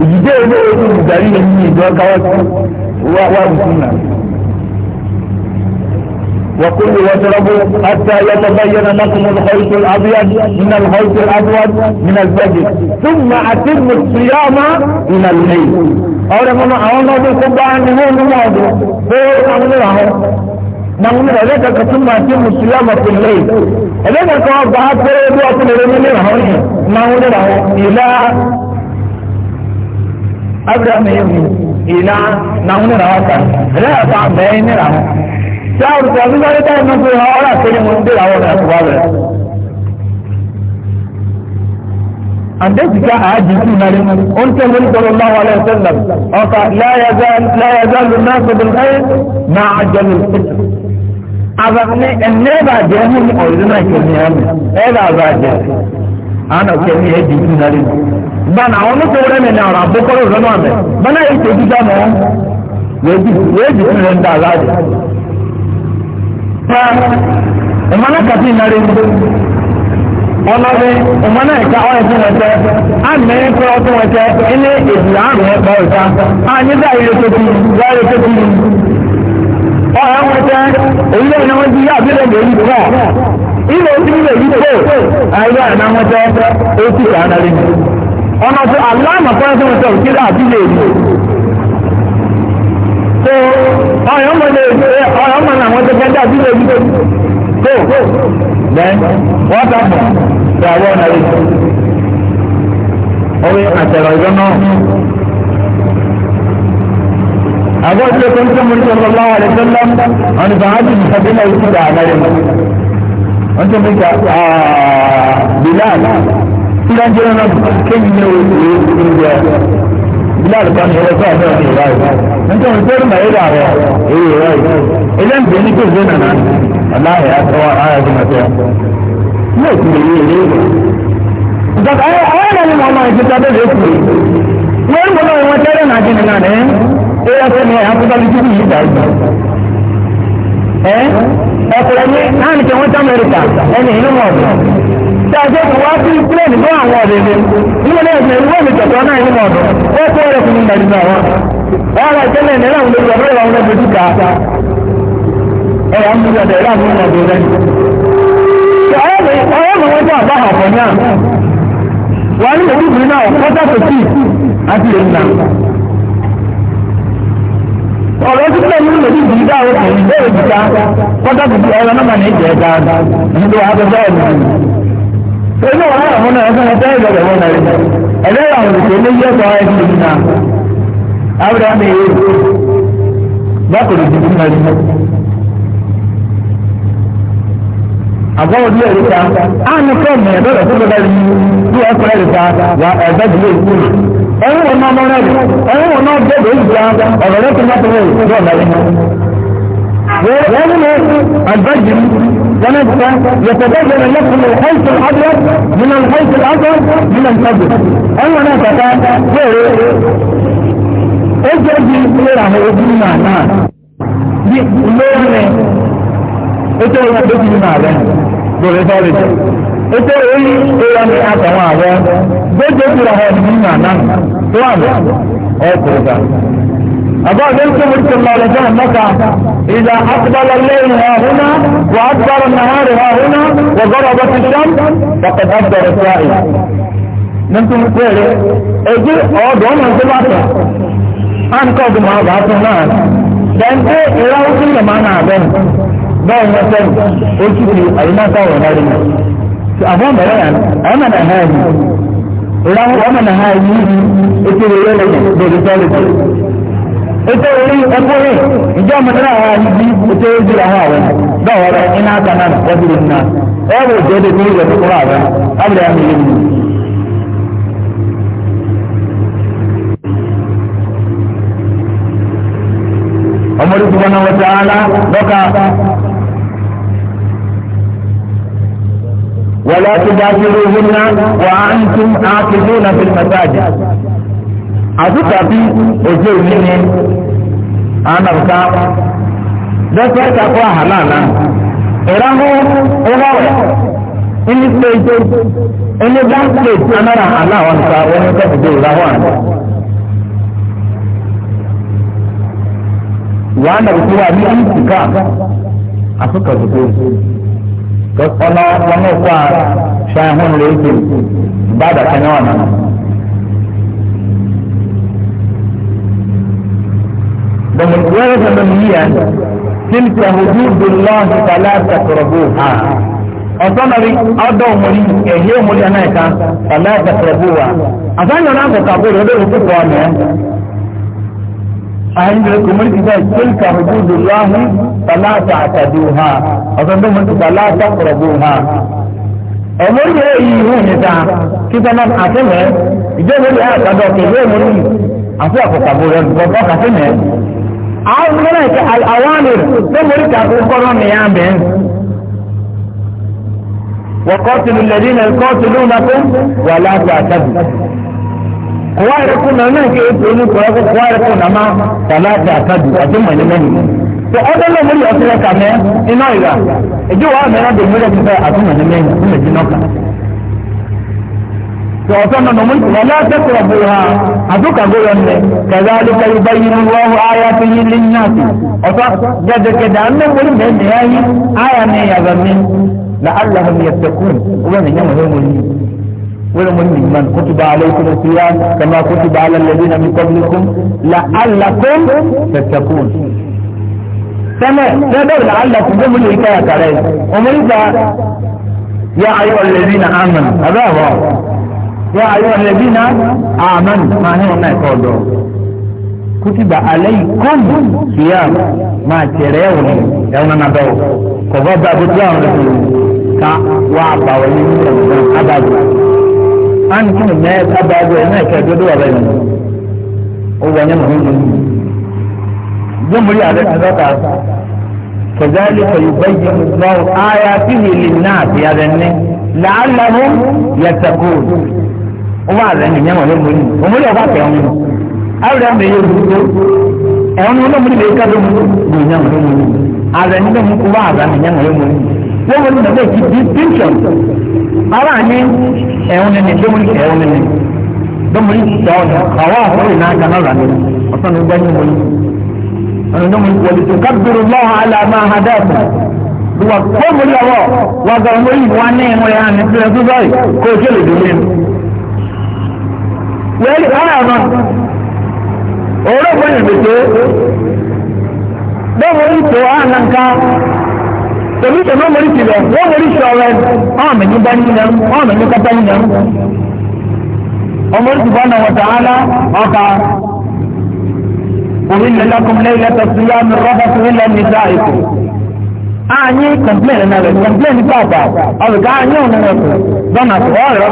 òjìjẹ́ ìlú ìdarí ẹ̀yìn ìjọ káwọ́ wá wá òkú náà. وكلوا واشربوا حتى يتبين لكم الخيط الابيض من الخيط الابيض من الفجر ثم اتموا الصيام من الليل اور ہم اور نو کو بان نہیں ہوں نو دو تو ہم نے رہا ہم نے رہے کا قسم ماتے مسلم اپ لے اے نہ کو بات کرے تو اپ میرے میں رہا ہوں نا ہوں نے رہا الا ابرا میں ہوں الا نا ہوں رہا تھا رہا تھا میں نے رہا dáhùn tí a fi sáré táyà náà fún ọ̀rọ̀ àkéré mo ń dé àwọn ọ̀nà ẹ̀kọ́ rẹ̀. àdéhùká àájì sí ìnáre ó ń tẹ́ lórí sọ́rọ̀ láwọn alẹ́ sẹ́lẹ̀ ọ̀kà láyàzálù náà sọ̀dọ̀ láyé máa àjọlù pẹ̀tù. àbàmì ẹ̀nẹ́bà jẹ́ ní ọ̀rẹ́dẹ́ náà kẹ́mi àmì ẹ̀rọ àbà jẹ́ àánà kẹ́mi ẹ̀dì sí ìnáre. báná àwọn mọ́tò rẹ̀ mi ní ọ̀rọ̀ àbúkọ́rọ̀ rẹ̀ náà mẹ́ báná yìí tẹ́jú dáná wọ́n yéèjì fún rẹ̀ pa ọmọlá kàtí ìnáre ọlọ́dẹ ọmọlá ẹ̀ka ọ̀ẹ́sìn ẹ̀tẹ́ àmì ẹ̀kọ́ ọdún ẹ̀tẹ́ ilé èdè àrùn ẹ̀kọ́ ẹ̀ka àyíká ìrètòkì ìrètòkì ọ̀ẹ́ wọn tẹ́ orílẹ̀ èdè wọn ti yá àbílẹ̀ lórí ìdúrà ilé òsì ilé yìí tó àyíká ẹ̀ná wọn tẹ́ ó sì kà á náà lé ọ̀nà tó àlámà fún ẹ̀sìn wọn tẹ́ òkè tó ọ̀yọ́ mọ̀ lè ṣe ọ̀yọ́ mọ̀ náà wọ́n ti fẹ́ dà sílẹ̀ ibi tó tó bẹ́ẹ̀ wọ́n ta mọ̀ tó àwọn ọ̀nà rẹ̀ ọ̀wé àtẹ̀rọ̀ ìjọ náà. Àgọ́ ìṣe tó ń tẹ́ mo ní sọ́kọ́ láwọn àlẹ́ tó ń lọ, àwọn ìfà á ti sọ sílẹ̀ ìṣú dà àmẹ́rẹ́. Wọ́n tẹ́ mo ní sọ Bilal, sílẹ̀ ń jẹ́ náà kéyìn ní oṣù láàrín kan ìrọ̀ sọ àbẹ̀wò ní ìwà ìwà nítorí pẹ́rù náà ìrọ̀ àwọ̀ èyí ìwà ìwà ilé ń bẹ̀rẹ̀ nígbà ìwé nàná aláàyè àtọwọ́ ara ti mọ̀ tẹ́ ní òkú èyí èyí ìwà. ìjọba ayé ayé náà ni màmá ìṣe tábẹ́ lè kú wọ́n ń bọ̀ wọ́n tẹ́rẹ̀ náà jẹ́ nìkan ẹ̀ ẹ̀ ẹ̀ ẹ̀ ẹ̀ ọ̀pọ̀lọpọ̀ ní láàrin tí wọ́n tẹ́ amẹ́ríkà ẹni ìlú wọn ọ̀dọ̀ tí a jẹ́ kó wá sí plẹ́ẹ̀nì fún àwọn ọ̀dẹ̀dẹ̀ nínú ilé ẹ̀sìn ìlú wọn ìjọ̀tọ̀ náà ìlú wọn ọ̀dọ̀ ó kó rẹ̀ fún ìgbà ìgbà wọn. wọ́n á tẹ́lẹ̀ ní láwọn olóògbé ọ̀dọ́ ìwà wọn lọ́dún títà ẹ̀yà ń bí ọ̀dẹ̀ láwọn ọ̀dẹ̀ rẹ̀. ọ̀rẹ́ mi wọ́n tó àbá àpọ̀ náà wọ́n á ní ọ̀rọ̀ tí bẹ́ẹ̀ ní lòdì ìdí dá ọ̀rọ̀ kìí bẹ́ẹ̀ jìta kọ́tà tuntun ọ̀rọ̀ náà ní ìjẹ́ ẹ̀dá nílò abẹ́fẹ́ ẹ̀mí. Inú wọn náà wọn náà ẹ̀fẹ́ ẹ̀fẹ́ ìbẹ̀rẹ̀ wọn náà rẹ̀. Ẹlẹ́yà àwọn òṣèlú ní yẹ́ sọ ẹ̀fí ìdí náà. Àwùjọ mi yé bákòrò ìdí náà rí. Àgbọ̀ òdi ẹ̀rí ta, á ní fọ́ọ̀mù ẹ̀dọ́rọ̀ tó bẹ̀rẹ̀ rí ẹ̀yìn wọn náà mọ́rẹ́ rẹ̀ ẹ̀yìn wọn náà dẹ̀bẹ̀ ìgbà ọ̀rọ̀ rẹ̀ tó mọ́tò rẹ̀ ìgbà ọ̀dàrí náà. wọ́n ní àgbájì wọn ẹ̀ka yẹtọ̀dọ̀ bẹ̀rẹ̀ lẹ́kùnrin ẹ̀sìn adé nínú ẹ̀sìn adé nínú ìtọ́jú ẹ̀yìn wọn náà kàkà bẹ́ẹ̀ ó jẹ́ bí ìlera ojú náà náà bí lóore ètò ìwà ètò orí ìrọ̀ ní àtàwọn àwọ̀ gbẹ́jọ́ ti rà hàn nínú àná tó àmì ọkùnrin ga. أبا ذلكم اتقوا الله لجهن مكة إذا أقبل الليل ها هنا وأدبر النهار ها هنا وضربت الشمس فقد أدبر إسرائيل نمتم كويلة أجي أود أن أنزل عطا أن قد ما أبعث النار لأنه إلا وكل ما نعبه بأي مثل أجي أي ما تاوي ناري àbọ̀n bẹ̀rẹ̀ yàn ọmọ nà ha yìí ìlànà ọmọ nà ha yìí ètò ìwé lẹ́yìn lórí sọ́ọ̀lù ètò orí ẹkú rẹ̀ ìjọ ọmọdé àwọn àyíjí ètò orí àwọn àwọn bẹ́ẹ̀ ọ̀rọ̀ iná kan náà wọ́n ti nà ẹ̀rọ ìjọba ìpínlẹ̀ ìjọba ìpínlẹ̀ àwọn abúlé àmì ìlú. ọmọdé tí wọn náà wọ́n ti ara lọ́ka ولا تباشروهن وأنتم عاكفون في المساجد أتوقع في أجل مني أنا بكا دفع تقوى حلالا إراه إراه إني سبيت إني بلان سبيت أنا راه حلالا وانسا وانسا بدي رهوان وأنا بكوا بي أنت كا أتوقع بكوا ọ̀nà ọ̀nà òkú à ṣàhùn lèèdè bàdà kan náà nà. Bọ̀mọ̀tìwárẹ̀ sọ̀rọ̀ yìí yà kíni tí a hojú dùnlọ́ọ̀n kàlá sàkọ̀rọ̀bù ha. Ọ̀sọ́nà rí ọ̀dọ̀ òmùrí ẹ̀yẹ́ òmùrí àná ẹ̀ka kàlá sàkọ̀rọ̀bù wa. Àfáàyàn náà kò kàbó rẹ̀ òkú pọ̀ ọ̀nà ẹ̀ ayin kuma ita tilka hududullahi fala ta'taduha ọ̀sán tó mọ̀tò fala taqrabuha ọmọ yẹ yìí hù níta kíta náà àtẹmẹ ìjọba yẹ àtàdọ kẹlẹ ọmọ yìí àti àkọkàbọ rẹ gbọgbọ kàtẹmẹ. àwọn ọmọdé ẹ̀ka àwọnì tó mọ̀rí kàkó kọ́rọ́ nìyà bẹ́ẹ̀. wọ́n kọ́ tìlú lẹ́dínlẹ́ kọ́ tìlú nàkó wà láti àtàdù kware kuna nan ke yi tsoni kware kuna ma talata tadu a jin mani mani to ọdọ lọ muri ọtí rẹ kàmẹ iná ìgbà èjì wàá mẹrin àdè múlẹ fífẹ àtún mani mẹrin àtún mẹjì nọkà to ọtọ nọ nọ múlẹ wọn láti kúrọ bó ha àdúkà bó yọ nẹ kẹlẹ alika yìí bá yìí wọ ọhún ayé àti yìí lé nyá sí ọtọ gẹdẹgẹdẹ àná múlẹ mẹrin nìyá yìí ayé ni yàgbà mi la alahum yẹ tẹkùn wọn ni nyẹ mọ ولم من كتب عليكم الصيام كما كتب على الذين من قبلكم لعلكم تتقون سمع سبب لعلكم هم الحكاية عليه ومرضى يا أيها الذين آمنوا هذا هو يا أيها الذين آمنوا ما هي ما يقولون كتب عليكم صيام ما تريون يوم نبو كفر بأبو جاء رسول كعبا وليم أبدا an kí ni mẹ́ẹ̀ sábà bẹ̀ ẹ̀ náà kẹ́ẹ̀dọ́ dọ́wọ́ bẹ́ẹ̀ ni ó wọ ní mọ̀mọ́ mi. Jọ́mọ̀rí àlẹ́ ti dọ́ta kẹ̀dáàlì kẹ̀yù bẹ́yì lọ́wọ́ ayá tí mi lè ná àti àrẹ ní làálàmú yẹtẹ̀kù. Ó wà àrẹ ní ìyẹn mọ̀mọ́ mi. Òmùrí ọ̀bá kẹ̀ ọ̀hún. Àrẹ mi yóò dúró. Ẹ̀hún ni olómùrí lè ká lómù ní ìyẹn mọ̀mọ́ mi. Àrẹ ní lómù kú wá àrẹ ní ìyẹn mọ̀mọ́ mi. Wọ́n wọlé ẹ̀hún nínú dómìnì ẹ̀hún nínú dómìnì sọ̀rọ̀ àwọn àkọ́rẹ́ náà kan náà ràdé ọ̀sán ní gbẹ́yìn wọn yìí ọ̀nà dómìnì wọlé tó kábírù lọ́wọ́ àlàmà àdáàbò wà kọ́mọlé ọwọ́ wà gbàgbọ́ yìí wà ní ẹ̀hún rẹ̀ hàn ní pílẹ̀ tó báyìí kó o jẹ́lẹ̀ dómìnì. wẹ́ẹ́lì ọ̀rọ̀ àná tẹ̀mí tẹ̀mí mọ̀rí ti lọ wọ́n mọ̀rí sọ ọ̀rọ̀ ọ̀mọ̀ ní bá nínú ọ̀mọ̀ ní kọ́tà nínú. ọmọ orí bá náà wọ̀tà áná ọ̀ka orí lẹ́la kọ́ lẹ́yìn lẹ́tọ̀ sí yá mi rọ́bà sí ilẹ̀ ní sáà èkó. ààyè kọ̀m̀plẹ̀n náà rẹ̀ kọ̀m̀plẹ̀n ní pàpà ọ̀rùka ààyè ọ̀nà wọ̀tò dọ́nà ọ̀rọ̀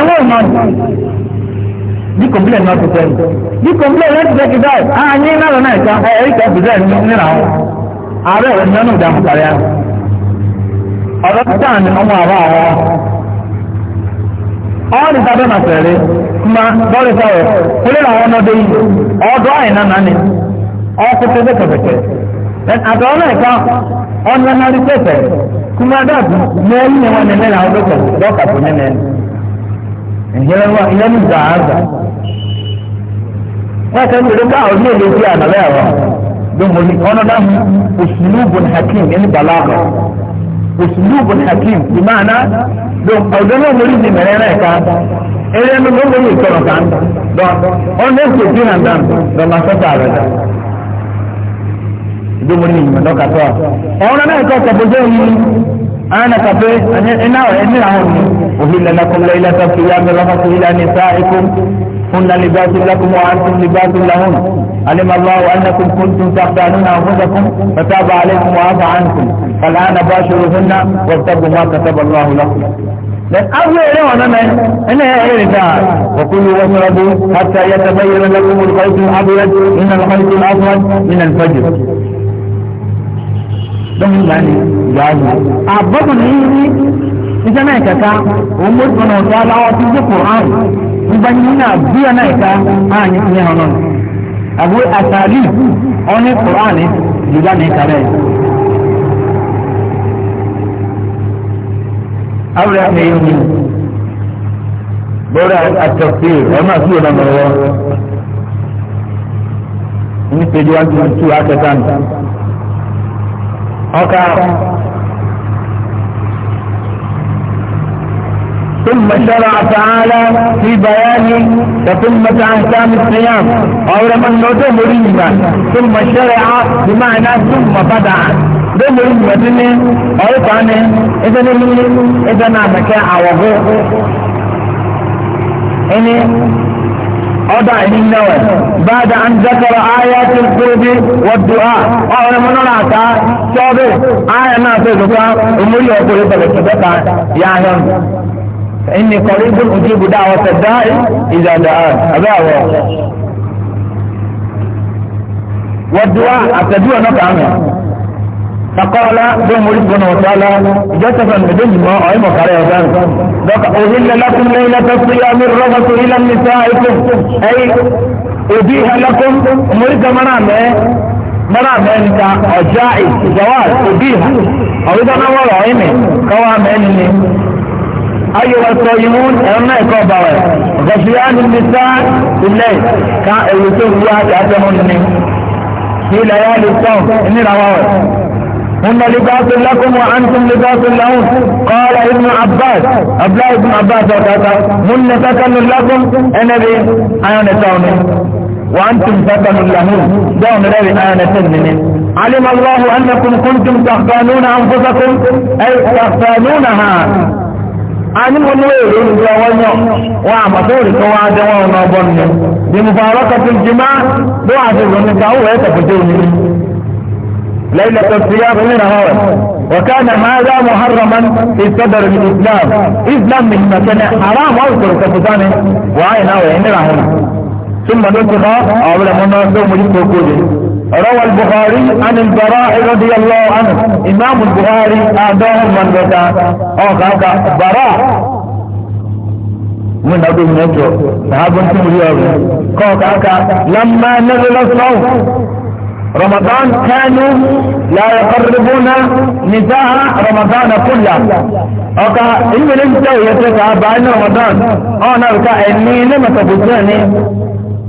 ọ̀rọ̀ ọ̀dọ́ bí complain náà ti tẹ̀ ní bí complain náà ti tẹ̀ kí báyìí a ah, ní náà náà ìta ẹ ẹ̀rí kan bìrẹ̀ ní nínú àwọn ààrẹ rẹ̀ ní ọ̀nà ìdààmú kárí àwọn ọ̀rọ̀ títà ní ọmọ àbá àwọn ọ̀rọ̀ níta bẹ́ẹ̀ máa tẹ̀lé ma bọ́ọ̀lù sọ̀rọ̀ kúlẹ̀ àwọn ọmọdé yìí ọ̀dọ́ àyìnà náà ni ọkùnrin tẹ́lẹ̀ kẹ̀kẹ́ àtọ̀rọ̀ náà ìka ọ̀nà náà rí tẹ̀tẹ̀ kúmọ̀dọ́ọ̀dù mẹ́rin ni wọ́n ní mẹ́rin àwọn ọ̀dọ́kọ̀ wọ́n kẹ́ ń tẹ̀lé bá àwọn ilé ìlú ànàlẹ́ ẹ̀rọ lómọlì ọ̀nà dáhùn òsùlùbùn hakim ẹni balaga òsùlùbùn hakim ìmáàná ọ̀dọ́ lómọlì ti mẹ̀rẹ̀ náà ká eré ẹnu lómọlì ìtọ̀rọ̀ kan dọ̀ ọ̀nà èkó tí hàn dán dọ̀ máa sọ́tà rẹ̀ dà lómọlì ìmọ̀ lọ́kàtọ́ ọ̀nà náà kọ́ kàbọ̀jọ́ yìí أنا كفي أنا أنا أنا أهل لكم ليلة القيام رفض إلى نسائكم هن لباس لكم وأنتم لباس لهن علم الله أنكم كنتم تختانون أنفسكم فتاب عليكم وعفى عنكم فالآن باشروهن وارتبوا ما كتب الله لكم أول إليه أنا أنا أعرفها وكلوا واشربوا حتى يتبين لكم الخيط الأبيض من الخيط الأسود من الفجر ده يعني يعني أعبدوا iṣẹ́ náà kẹta òun bó ti ọ̀nà ọ̀tọ̀ aláwọ̀ tí ó kò hàn nígbà yìí náà bí ọ̀nà ìka máa ní ìyẹn ọ̀nà àbúrò àtàlì ọ̀nà ìkùránì ìjọba ní ìkàlẹ̀. àwùrẹ́ àmì mi bọ́ọ̀rẹ́ àtọ̀fẹ́ ẹ̀ máa ọ̀nà mọ̀wọ́ ní pẹ̀lú àti ìtú akẹta nù ثم شرع تعالى في بيان تتمة أحكام الصيام أو من نوته مريمة ثم شرع بمعنى ثم بدع ده مريمة دني أو تاني إذا نمي إذا نعمك عوضه إني أضع من bá بعد أن ذكر آيات القرب والدعاء wàdùá من العطاء àtà آية ما في ذكاء zọ́ta omúrí ọkùnrin pẹ̀lẹ̀ tọ́bẹ̀ta yáyọ́n فإني قريب أجيب دعوة الداعي إذا دعان هو والدعاء التدعوة نطعمه فقال دوم ربنا وتعالى جسفا بدون ما أعلمك عليه وسلم ذاك أهل لكم ليلة الصيام الرغس إلى النساء أي أبيها لكم مرد منام منام أنت جائز جواز أبيها أو إذا نورا عيني قوام عيني أيها الصائمون أما إقابة غشيان النساء في الليل كالوصول بها تعتمون في ليالي الصوم إني العواوة هن لباس لكم وأنتم لباس لهم قال ابن عباس أبلا ابن عباس وكذا هن سكن لكم أنا بي أنا تومي وأنتم سكن لهم دوم ربي أنا تنمي علم الله أنكم كنتم تخفانون أنفسكم أي تخفانونها ani mo ní èrè ìjọ wọn yàn wọn àmàbóòrè kan wá jẹ wọn ọ̀nà ọbọ nìyẹn ní mo fà ọlọ́kọ̀ tó jí má bó àti ìrònú ká ó wẹ̀ẹ́ tẹ̀kọ̀tẹ̀ òní ni. lẹ́yìn lẹ́kọ̀ọ́ sí yá fún ìrànwọ́ rẹ̀ وكان هذا محرما في صدر الاسلام اسلام من مكان حرام او كركبتان وعين او عين ثم نطق او لم نصوم لكوكوجه روى البخاري عن البراء رضي الله عنه امام البخاري اعداه من بدا او آه، كاكا براء من ابو النجو صحابه الرياض قال كاكا لما نزل الصوم رمضان كانوا لا يقربون نزاع رمضان كله اوكا ان من انت يتسعى بعين رمضان انا آه، بتاع اني لما تبوتني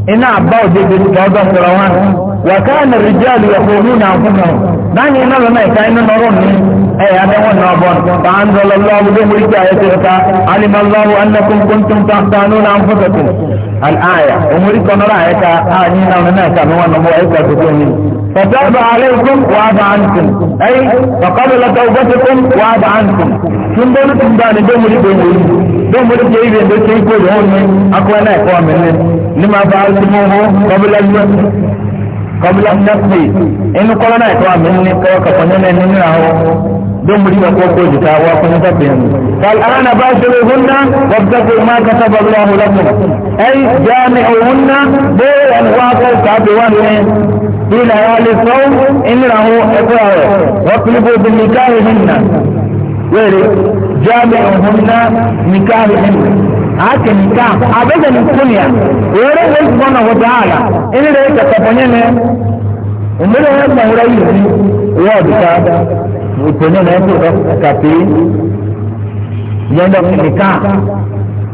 انا عباو دي بيت جوزة سروان وكان الرجال يقولون أنفسهم دعني أنا لما يكاين نروني أي أنا ونابون فأنزل الله بمريكا يتغطى علم الله أنكم كنتم تحتانون أنفسكم الآية أمريكا نرأيك آني نرأيك نوانا مؤيكا تكوني فتاب عليكم وعاد عنكم أي فقبل توبتكم وعاد عنكم شن دولتم داني دمري دمري دمري جيبي بسيكو دهوني أقوانا أقوامي لما فعلتموه قبل الوقت kọbílá nẹ́pì inú kọ́lọ́ náà ìtọ́ àmì ní kọ́ọ̀kọ̀ fọ́nyẹ́nẹ́ nínú àwọn dómìnì ọkọ̀ kó jìtà wá fún ní tọ́pì ẹ̀mí. فالآن باشروهن وابتغوا ما كتب الله لكم أي جامعوهن بالأنواق التعبوان في ليالي الصوم إنه إقرار واطلبوا بالنكاح هن جامعوهن نكاح هن ake nka abege ni kunya wore ne subhana wa ta'ala ini da yake tabonye ne umure ne ba wura yi ni wa bika mutunye ne ko ka pe yanda ni ka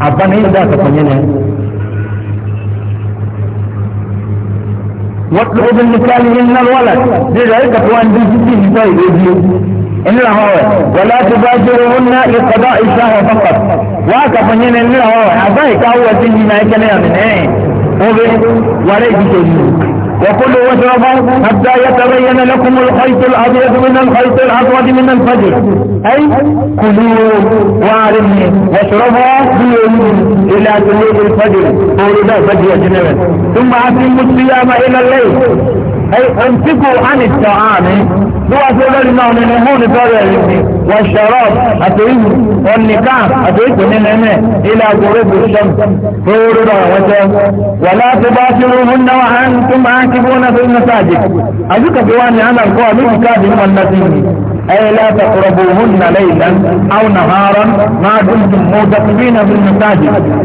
abana yi da tabonye ne wato ibn nikali min al walad dai da yake tuwan din cikin sai dai إلا هو ولا تباشرهن لقضاء الشهر فقط وأكفنين إلا هو أعطيك أول سنة ما يكلم من إيه وليس شيء وكلوا واشربوا حتى يتبين لكم الخيط الابيض من الخيط الاسود من الفجر اي كلوا وعلموا واشربوا في الى طلوع الفجر طول فجر يا ثم اتموا الصيام الى الليل أي امسكوا عن الطعام دوا سولر ما ننهون دولة والشراب أتويه والنكاح من ننهي إلى غروب الشمس طور وجه ولا تباشروهن وأنتم عاكفون في المساجد أذكر جوان أنا كاد من والنسيم أي لا تقربوهن ليلا أو نهارا ما دمتم مدقين في المساجد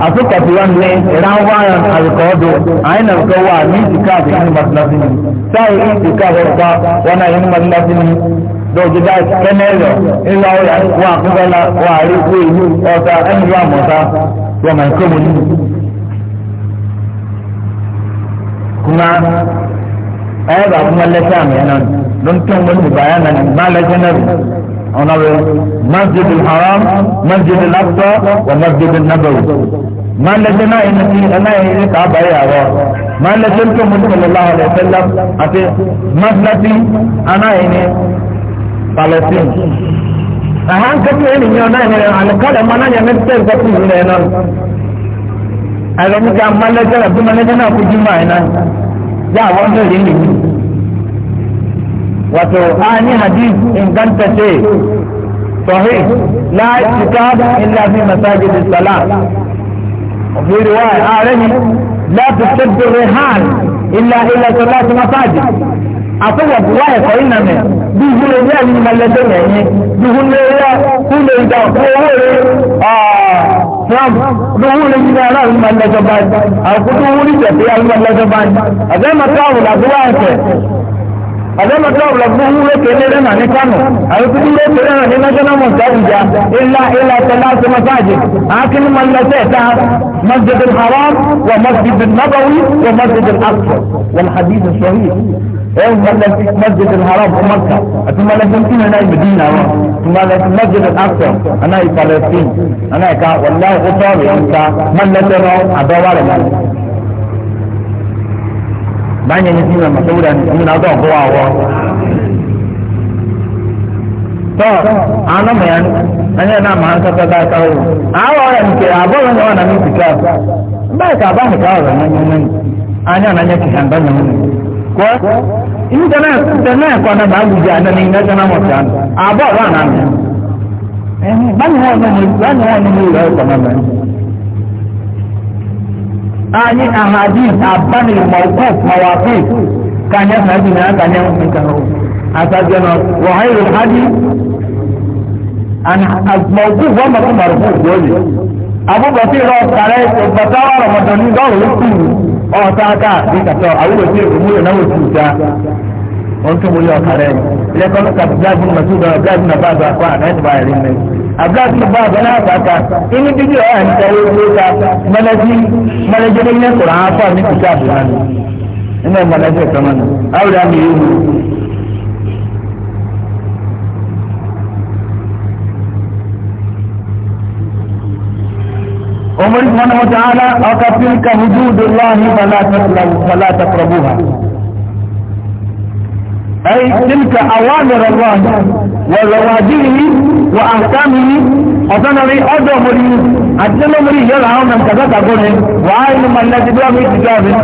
asuka ti wọn lé ìran wáyà àríkọ́dọ̀ àyìn àríkọ́ wà ní ìtìkáàbì ní masilasi ni sáyé ìtìkáàbì ọ̀pá wọn náà ní masilasi ni dọ̀jú dá kẹ́nẹ́lọ̀ ńlá ọ̀yà wà àkúgbọ́lá wà àrí wé ìlú ọ̀tá kuma ẹ bá kuma lẹ́sẹ̀ àmì ẹ̀ náà ló ń tún ní bàyà lẹ́sẹ̀ náà ọ̀nàwẹ̀ masjid haram masjid lakta wa masjid nabawi máa lẹ́jẹ́ náà ẹni tí ẹnáyẹ̀ ní kàábà yà rọ máa lẹ́jẹ́ tó mú sọlọ́láhà lẹ́sẹ̀lá àti masilasi anáyẹ̀ ní palestine. àhán kẹ́kẹ́ ẹni ní ọ̀nà ìrìn àlùkálẹ̀ máa náà yẹ ní tẹ́lẹ̀ sọ́kùn ìrìn náà. àìrọ̀mùkà máa lẹ́jẹ́ rẹ̀ bí máa lẹ́jẹ́ náà kú jí máa náà yà wọ́n lè rí nìyí wato ani hadith inganta ce sahih la kitab illa fi masajid salat fi riwaya arani ah, la tushaddu rihan illa ila salat masajid àtúwọ̀ wá ẹ̀kọ́ ìnà mẹ́ bí ìhun lè rí àmì ìmọ̀lẹ́dẹ́ yẹn bí ìhun lè rí kú lè dà fún owó rẹ trump bí ìhun lè yíra ara àwọn ìmọ̀lẹ́dẹ́ báyìí àkókò ìhun lè jẹ̀ pé àwọn ìmọ̀lẹ́dẹ́ báyìí àbẹ́mọ̀tò àwòrán àbúrò àṣẹ هذا مطلب ربه هو كذا لنا نكانه أو تقول له كذا لنا نكانه مساجد إلا إلا ثلاث مساجد لكن من لا مسجد الحرام ومسجد النبوي ومسجد الأقصى والحديث الصحيح أو مسجد الحرام في مكة ثم لا تمكن أن المدينة ثم لا مسجد الأقصى أنا فلسطين أنا كا والله غفار أنت من لا ترى أبوالنا báyìí ẹni tí mo mọ̀ sówúrẹ́ ni èmi náà dọ̀bọ̀ àwọ̀. tọ́ àwọn ọmọ yẹn ẹni ẹ̀ náà máa ń sọ́kọ́ bá ẹ̀ka òru àwọ̀ rẹ̀ nìkẹ́ àbọ̀rọ̀ ni wọ́n nà mí kìkà báyìí kà bá nìkà ọ̀rọ̀ yẹn anya na anya kìkà ńgbà yẹn kọ ìyíkọ náà tẹ náà kọ náà bá gbùgbé àná ní ìdájọ́ náà mọ̀ sàn àbọ̀ náà mẹ́rin ani ahadith abani mawquf mawaqif kanya nabi na kanya mkano asajana wa hayru hadith an mawquf wa ma marfu dole abu bakir ro kare ko batawa ramadan ni dawo ku o ta ka ni ka to awu ti mu na wo ti ta on to mu yo kare le ko ka jabu masuda jabu na baba kwa na ba rin ne abdullahi ba ba na fata ini bidiyo ya ni tare ko ta malaji malaji ne ne qur'an fa ni kitab nan ina malaji kaman aura mi yi عمر سبحانه وتعالى أو تلك حدود الله فلا تقربوها أي تلك أوامر الله وزواجه وأحكامه أصنع لي أدو مري أجل مري يلعى من كذا تقول وعين من الذي بلا في كتابه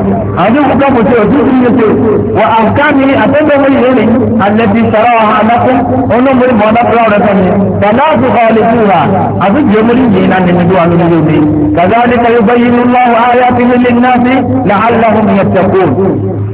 أدو كتاب تيو وأحكامه أتدو مري يلي التي شرعها لكم أنو مري مهدا فلا رسمي فلا تخالفوها أدو جمري جينا نمدو عن الوزي كذلك يبين الله آياته للناس لعلهم يتقون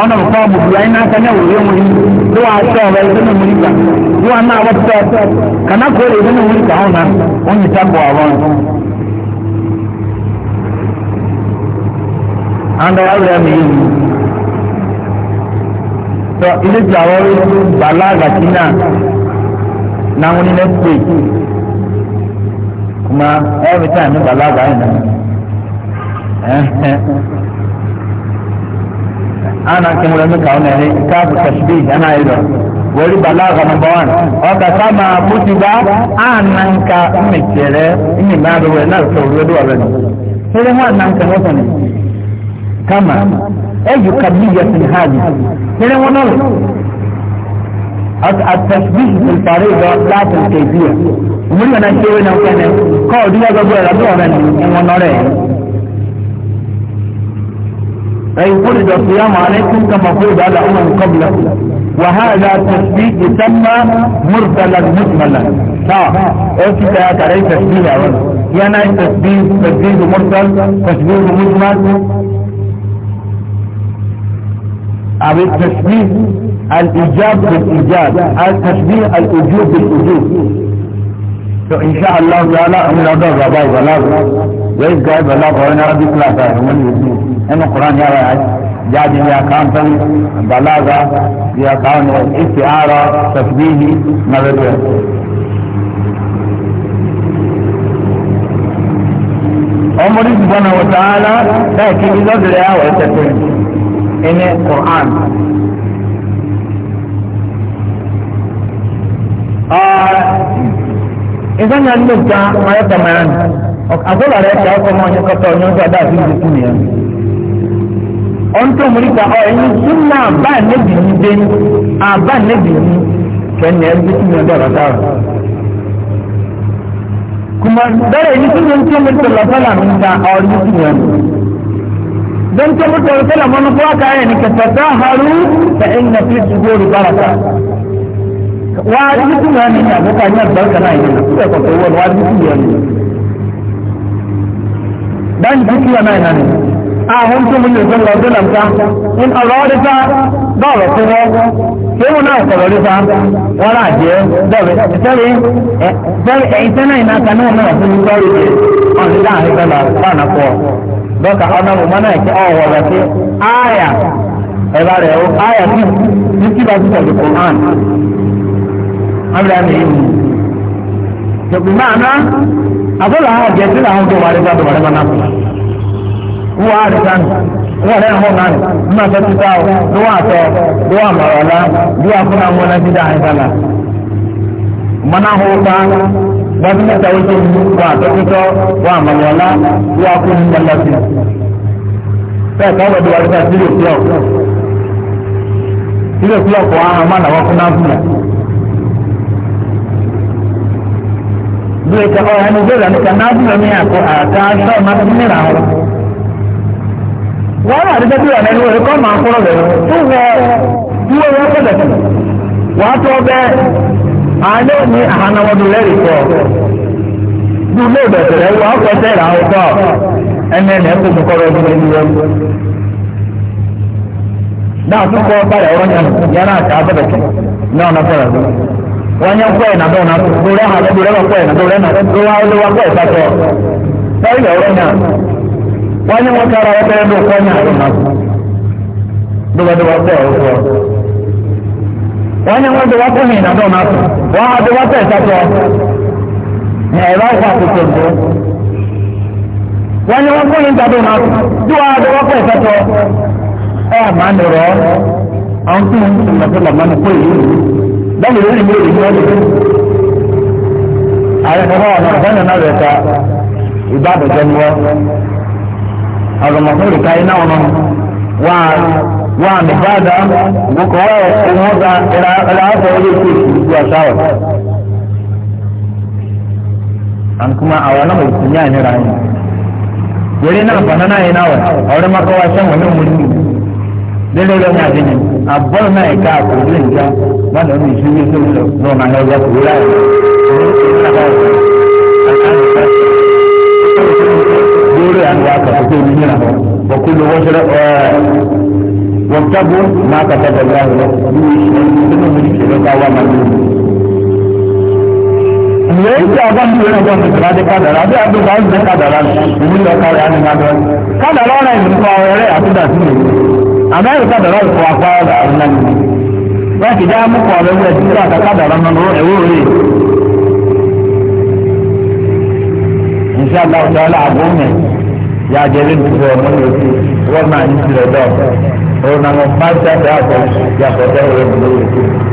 ọ̀nà nǹkan ọ̀bùbùrù ayé náà kanyẹ̀ wòye mu yìí ló wà aṣọ ọ̀rọ̀ ẹ̀sẹ̀ ní wọ́n nígbà ló wà náà wọ́n tẹ̀ kàná kó lè ní wọ́n nígbà wọn náà wọ́n yìí sábọ̀ àwọn. àǹdà wà lóya mi yìí tọ ilé tí àwọn bàlá àgàtì náà náà wọn ní next week kùmà every time ní bàlá àgàtì náà ana ke mu ramu kawo ne ka bu tashbih ana yi don wari balaga number 1 oka kama kutiba anan ka mekere ni ma do we na so we do we no sai mu anan ka no ne kama ayu kabiyatin hadi sai mu no التشبيه في الفريضة لا في الكيفية ومن أنا شيء نوكنا قال دي أقول لك أنا أنا أنا أي فرض الصيام عليكم كما فرض على أمم قبلكم وهذا تشبيه يسمى مرسلا مجملا صح ايش يا ترى تشبيه يا ولد يعني تشبيه تشبيه مرسل تشبيه مجمل أو التشبيه الإيجاب بالإيجاب التشبيه الأجوب بالأجوب فإن شاء الله تعالى أمنا ضرب بابا لا وإذ قال بلغ وإن ربي ثلاثة من يجيب nínú koran yàrá jáde ní akáǹtán balaga bí akáǹtán ìsì àárọ̀ tẹ̀síbíhì nàbẹ̀bẹ̀. ọmọdé sùgbọ́n àwọn tààlà náà kí ní lọ́dọ̀rẹ́ àwọ̀ ẹ̀tẹ̀tẹ̀ ẹni koran. ìsọ́nyà ló ń ta ayọ́tọ̀ mẹ́rin àgọ́lá rẹ̀ ta ọkọ̀ mọ́ ọ̀nyẹ́kọ́tọ̀ ọ̀nyẹ́kọ́ dáàbí ìdíkù nìyẹn ọ̀ntọ́ mọ̀ríkà ọ̀ ẹ̀yìn súnmọ́ àbá nẹ́bì yìí dé àbá nẹ́bì yìí kẹ́ni ẹ̀ bí súnmọ́ dára dára. kùmọ̀ bẹ́ẹ̀ ẹ̀yìn súnmọ́ ntọ́ mọ̀ríkà lọ́sọ́là mi ta ọ̀rí súnmọ́ mi. dọ́ntọ́ mọ̀ríkà lọ́sọ́là mọ́nú fún ọkà ẹ̀ ní kẹtàtà haru ẹ̀yìn nà fi ṣubú orí báraka. wàá rí súnmọ́ mi ní àbúkà ní àgbàkà ahun tó mú nìkan lọ sí lọ́mta ní ọ̀rọ̀ ọdífá bọ́ọ̀rọ̀ fún wọn tí wọn náà sọ̀rọ̀ nípa wọn rà jẹ́ bọ́ọ̀rọ̀ ìtẹ́rì ìtẹ́ náà iná kan náà náà fún bọ́ọ̀rù jẹ́ ọ̀nà láàrin fẹ́lá fáànà pọ̀ dọ́kà ọ̀nà mọ̀mọ́ náà kí ọ̀wọ̀ rẹ̀ sí áyà ẹ̀bá rẹ̀ ó áyà sí ní kí bá sí sọ̀rọ̀ kò hàn ábìlẹ̀ mi tòkùnmáà náà àbúrò àwọn ọ̀jẹ̀ sí làwọn tó wà wọ́n á rí sánù wọ́n rẹ̀ hàn náà nígbà tó ti ta ọ́ ló wà tọ́ ló wà mọ̀rọ̀ ọ̀la bí wà fún àwọn ọ̀la dídá àìsàlà. mọ́nà hó pa bọ́dún mẹ́ta ó ṣe wà tó ti tọ́ wà mọ̀rọ̀ ọ̀la bí wà fún àwọn ọ̀la sí. bẹ́ẹ̀ kọ́ wọ́n ti wà lọ́sà sílẹ̀ òkúlọ̀ sílẹ̀ kọ́ àwọn ọmọ làwọn fún náà fún náà. bí ìtẹ̀kọ́ ẹni gbé wọ́n àti tẹ́tí rẹ̀ lẹ́nu ẹ̀kọ́ máa ń kúrọ̀ lẹ́nu tó wọ dúró wọn pẹ̀lẹ̀ wàá tọ́ bẹ́ẹ̀ àlẹ́ ní àhánáwọ́dù lẹ́rìí kọ́ dúró bẹ̀tẹ̀ rẹ̀ wọ́n kọ́ sẹ́yìn àwọn kọ́ ẹni ẹni ẹ̀kọ́ mú kọ́rọ̀ ọdún ẹni wọn. náà tún kọ́ báyà ọ̀rọ̀ yẹn yẹn náà kà á bẹ̀rẹ̀ kì náà náà fẹ́rẹ̀ lọ. wọ́n yẹn kọ́ ẹ̀ nàdọ́ náà dúró ẹ̀ wọ́n wọ́n kára wọ́n bẹ́ẹ̀ ló kọ́ ní àrùn náà dọ́wọ́dọ́wọ́ tẹ̀ ọ́ fọ́ wọ́n ní wọ́n dọ́wọ́ fún ìrìnàjò náà tó wọ́n á dọ́wọ́ tẹ̀ sọ́tọ̀ ní ẹ̀rọ ọ̀fà tuntun tó wọ́n ní wọ́n fún ìrìnàjò náà tó wọ́n á dọ́wọ́ tẹ̀ sọ́tọ̀ ẹ̀ máa ń rọ̀ àwọn tí wọ́n ti lọ́tọ́ lọ́mọ ní kó ìlú lọ́mọ ìlú ìlú ìlú ọ̀dọ̀ àrẹ ìbádọ̀jẹ́ ni wọ́n azɔmɔfori ka ina ɔnɔ waa waa mi baada boko wa ɔmɔ da ɛla ɛla afɔ ɔyɛ ti ibi ɔsa wɔ an kuma awa na mai tunya ne rayu yare na fa na yi nawa aure maka wa san wani muri dole ne ya na ka ko din ja wannan ne shi na ya ku la ne ne أنواع كتبه منها وكل وجر وابتغوا ما كتب الله لكم من شرك ومن lẹ́yìn ọgbọ́n tí wọ́n gbọ́n tuntun láti kádàrá bí àdúgbò àwọn ìgbẹ́ kádàrá ìlú lọ kárí ànìmọ́dọ́ kádàrá ọ̀rọ̀ ìmúkọ ọ̀rẹ́ àtúndà sí ìlú àmẹ́rin kádàrá ìfọ̀ apá ọ̀rọ̀ àrùn náà nìyí wọ́n ti dá mú kọ̀ lọ́wọ́ ẹ̀sìn tó àtà kádàrá mọ́ lọ́wọ́ ẹ̀wọ́ rẹ̀ ìṣàlá ọ̀tọ̀ ọ̀là àbọ̀ mẹ́rin ya jẹri nípa ọmọ yòókù wọn náà ń tirẹ̀ dọ̀ ọ̀nà wọn bá jáde àbọ̀ yàtọ̀ dẹ́wọ̀ ẹ̀